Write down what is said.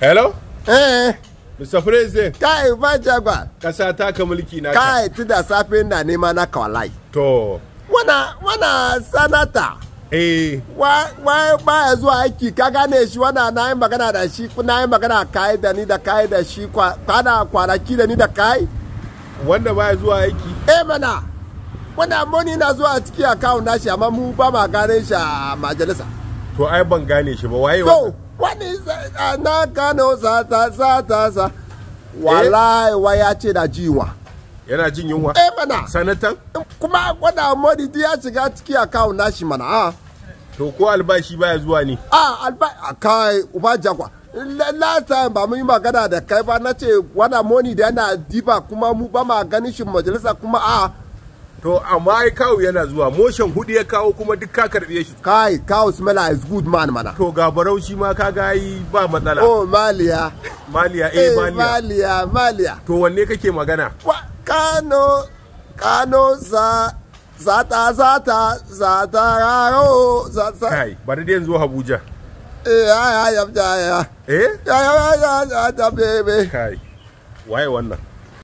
hello eh Mr. President. Kai ba jagwa. Kasa ta ka mulki na Kai tun da safe na ma na kawalai. To. Wana wana sanata. Eh. Wa wa ba ya zuwa aiki ka gane shi wana na yi magana da shi na yi magana kai da ni da kai da shi kwa kwana kwanaki da ni da kai. Wanda ba zuwa aiki. Eh mana. Wanda moni na zuwa a ciki account shi amma mu ba ma gane shi a majalisa. to ai ban gane shi ba waye wani na gano sa ta sa ta sa eh? wallahi wa ya ce da jiwa yana jin yunwa eh mana sanatan kuma wanda modi ya shiga ciki account nashi mana a ah. to ko albashi baya zuwa ne ah, a albashi kai uba jagwa last time ba mun yi magana da kai ba na ce wanda moni da yana diba kuma mu ba ma ganin shi majalisa kuma a ah. to amma ai kawu yana zuwa motion hudu ya kawo kuma duk ka karbe shi kai kawu smela is good man mana to ga barauci ma ma kaga yi ba matsala oh maliya maliya eh, eh maliya maliya maliya to wanne kake magana kano kano za zata zata zata raro zata kai bari dai zo Abuja eh ya ya ya ya eh ya ya ya ya bebe kai waye wannan